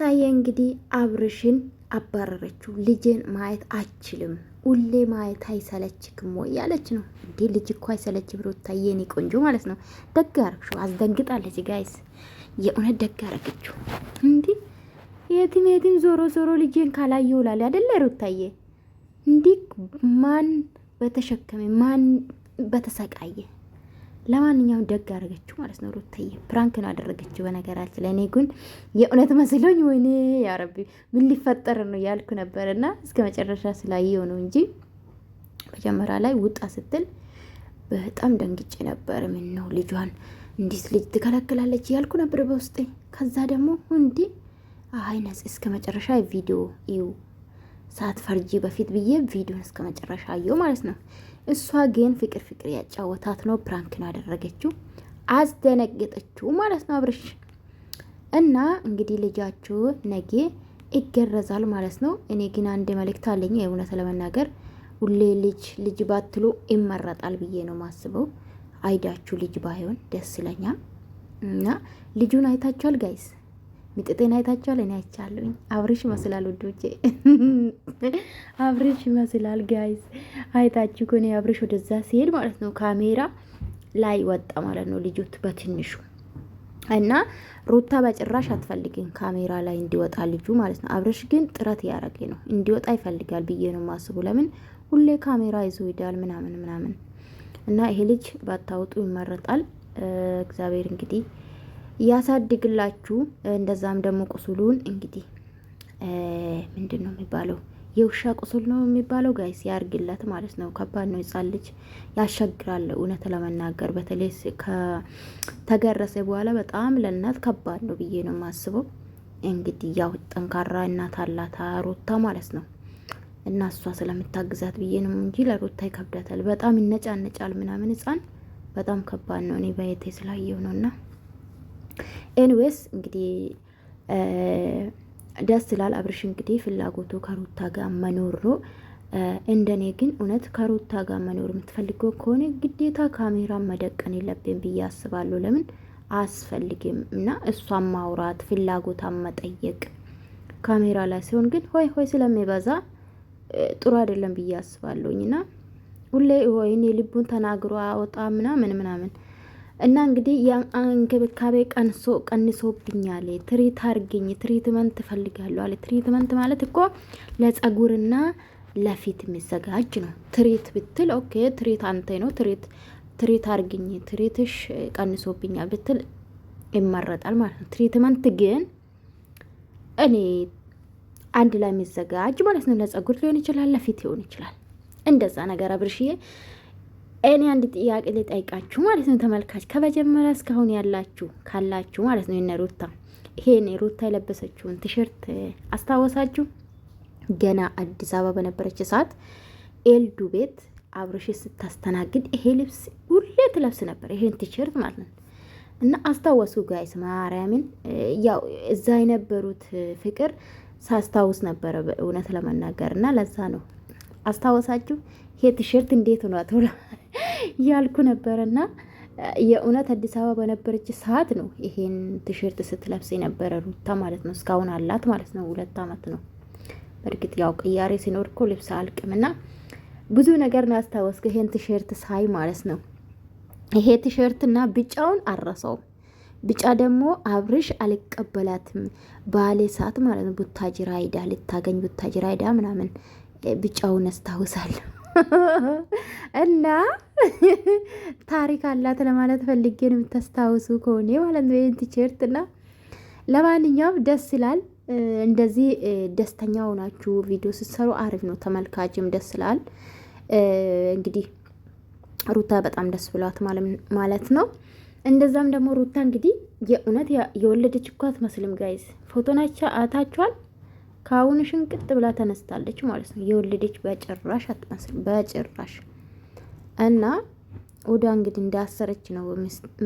ታየ እንግዲህ አብርሽን አባረረችው። ልጄን ማየት አችልም ሁሌ ማየት አይሰለችክም ወይ ያለች ነው እንዴ? ልጅ እኮ አይሰለች ብሎ ታየ የኔ ቆንጆ ማለት ነው። ደግ አረግሽው፣ አስደንግጣለች ጋይስ፣ የእውነት ደግ አረገችው። እንዲ የትም የትም ዞሮ ዞሮ ልጄን ካላየ ውላል አደለ ሩታዬ? እንዲህ ማን በተሸከመ ማን በተሰቃየ ለማንኛውም ደግ አደረገችው ማለት ነው። ሩታዬ ፕራንክ ነው አደረገችው። በነገራችን ለእኔ ግን የእውነት መስሎኝ ወይኔ ያረቢ ምን ሊፈጠር ነው ያልኩ ነበር እና እስከ መጨረሻ ስላየው ነው እንጂ መጀመሪያ ላይ ውጣ ስትል በጣም ደንግጬ ነበር። ምን ነው ልጇን እንዲት ልጅ ትከለክላለች ያልኩ ነበር በውስጤ። ከዛ ደግሞ እንዲህ አይነት እስከ መጨረሻ ቪዲዮ ይው ሳትፈርጂ በፊት ብዬ ቪዲዮን እስከ መጨረሻ አየው ማለት ነው። እሷ ግን ፍቅር ፍቅር ያጫወታት ነው፣ ፕራንክ ነው ያደረገችው፣ አስደነገጠችው ማለት ነው አብርሽ እና እንግዲህ ልጃችሁ ነጌ ይገረዛል ማለት ነው። እኔ ግን አንድ መልእክት አለኝ። የእውነት ለመናገር ሁሌ ልጅ ልጅ ባትሉ ይመረጣል ብዬ ነው ማስበው። አይዳችሁ ልጅ ባይሆን ደስ ይለኛል እና ልጁን አይታችኋል ጋይስ ሚጥጤን አይታችኋል? እኔ አይቻለሁኝ። አብርሽ ይመስላል ውዶቼ፣ አብርሽ ይመስላል ጋይዝ። አይታችሁ ከሆነ አብርሽ ወደዛ ሲሄድ ማለት ነው ካሜራ ላይ ወጣ ማለት ነው ልጆት በትንሹ እና ሩታ በጭራሽ አትፈልግም ካሜራ ላይ እንዲወጣ ልጁ ማለት ነው። አብርሽ ግን ጥረት እያረገ ነው እንዲወጣ ይፈልጋል ብዬ ነው ማስቡ። ለምን ሁሌ ካሜራ ይዞ ይዳል ምናምን ምናምን እና ይሄ ልጅ ባታወጡ ይመረጣል። እግዚአብሔር እንግዲህ እያሳድግላችሁ እንደዛም ደግሞ ቁስሉን እንግዲህ ምንድን ነው የሚባለው የውሻ ቁስል ነው የሚባለው ጋይስ ያርግለት ማለት ነው። ከባድ ነው። ህጻን ልጅ ያሻግራል። እውነት ለመናገር በተለይ ከተገረሰ በኋላ በጣም ለእናት ከባድ ነው ብዬ ነው የማስበው። እንግዲህ ያው ጠንካራ እናት አላት ሩታ ማለት ነው እና እሷ ስለምታግዛት ብዬ ነው እንጂ ለሩታ ይከብዳታል። በጣም ይነጫነጫል ምናምን ህጻን በጣም ከባድ ነው። እኔ በየቴ ስላየው ነው እና ኤንዌስ እንግዲህ ደስ ይላል። አብርሽ እንግዲህ ፍላጎቱ ከሩታ ጋር መኖር ነው። እንደኔ ግን እውነት ከሩታ ጋር መኖር የምትፈልገው ከሆነ ግዴታ ካሜራ መደቀን የለብን ብዬ አስባለሁ። ለምን አስፈልግም እና እሷን ማውራት ፍላጎታን መጠየቅ ካሜራ ላይ ሲሆን ግን ሆይ ሆይ ስለሚበዛ ጥሩ አይደለም ብዬ አስባለሁኝ እና ሁሌ ሆይ እኔ ልቡን ተናግሮ አወጣ ምናምን ምናምን እና እንግዲህ የእንክብካቤ ቀንሶ ቀንሶብኛል። ትሪት አርግኝ፣ ትሪትመንት እፈልጋለሁ አለ። ትሪትመንት ማለት እኮ ለጸጉርና ለፊት የሚዘጋጅ ነው። ትሪት ብትል ኦኬ፣ ትሪት አንተ ነው ትሪት ትሪት አርግኝ፣ ትሪትሽ ቀንሶብኛል ብትል ይመረጣል ማለት ነው። ትሪትመንት ግን እኔ አንድ ላይ የሚዘጋጅ ማለት ነው። ለጸጉር ሊሆን ይችላል፣ ለፊት ሊሆን ይችላል። እንደዛ ነገር አብርሽዬ እኔ አንድ ጥያቄ ልጠይቃችሁ ማለት ነው ተመልካች፣ ከመጀመሪያ እስካሁን ያላችሁ ካላችሁ ማለት ነው ሩታ ይሄን ሩታ የለበሰችውን ቲሸርት አስታወሳችሁ? ገና አዲስ አበባ በነበረች ሰዓት ኤልዱ ቤት አብረሽ ስታስተናግድ ይሄ ልብስ ሁሌ ትለብስ ነበር፣ ይሄን ቲሸርት ማለት ነው። እና አስታወሱ ጋይስ ማርያምን፣ ያው እዛ የነበሩት ፍቅር ሳስታውስ ነበረ እውነት ለመናገር እና ለዛ ነው አስታወሳችሁ? ይሄ ቲሸርት እንዴት ነው ብላ ያልኩ ነበረና የእውነት አዲስ አበባ በነበረች ሰዓት ነው ይሄን ቲሸርት ስትለብስ የነበረ ሩታ ማለት ነው። እስካሁን አላት ማለት ነው። ሁለት አመት ነው። በእርግጥ ያው ቅያሬ ሲኖር እኮ ልብስ አልቅምና ብዙ ነገር ነው ያስታወስክ። ይሄን ቲሸርት ሳይ ማለት ነው። ይሄ ቲሸርት እና ቢጫውን አረሰውም። ቢጫ ደግሞ አብርሽ አልቀበላትም ባሌ ሰዓት ማለት ነው። ቡታጅራ ሂዳ ልታገኝ ቡታጅራ ሂዳ ምናምን ቢጫውን አስታውሳለሁ። እና ታሪክ አላት ለማለት ፈልጌን የምታስታውሱ ከሆነ ማለት ነው ይህን ቲሸርት እና ለማንኛውም ደስ ይላል። እንደዚህ ደስተኛ ሆናችሁ ቪዲዮ ስትሰሩ አሪፍ ነው፣ ተመልካችም ደስ ይላል። እንግዲህ ሩታ በጣም ደስ ብሏት ማለት ነው። እንደዛም ደግሞ ሩታ እንግዲህ የእውነት የወለደች እኮ አትመስልም ጋይዝ። ፎቶናቻ አታችኋል ከአሁን ሽንቅጥ ብላ ተነስታለች ማለት ነው። የወለደች በጭራሽ አትመስል በጭራሽ። እና ወዳ እንግዲህ እንዳሰረች ነው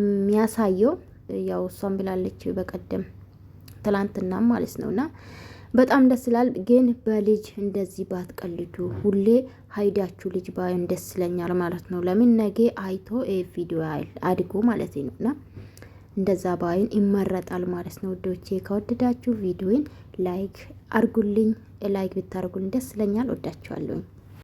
የሚያሳየው። ያው እሷም ብላለች በቀደም ትላንትና ማለት ነው። እና በጣም ደስ ይላል። ግን በልጅ እንደዚህ ባትቀልዱ። ሁሌ ሀይዳችሁ ልጅ ባይሆን ደስ ይለኛል ማለት ነው። ለምን ነገ አይቶ ቪዲዮ አይል አድጎ ማለት ነው እና እንደዛ በአይን ይመረጣል ማለት ነው። ውዶቼ ከወደዳችሁ ቪዲዮን ላይክ አርጉልኝ። ላይክ ብታርጉልኝ ደስ ይለኛል። ወዳችኋለሁኝ።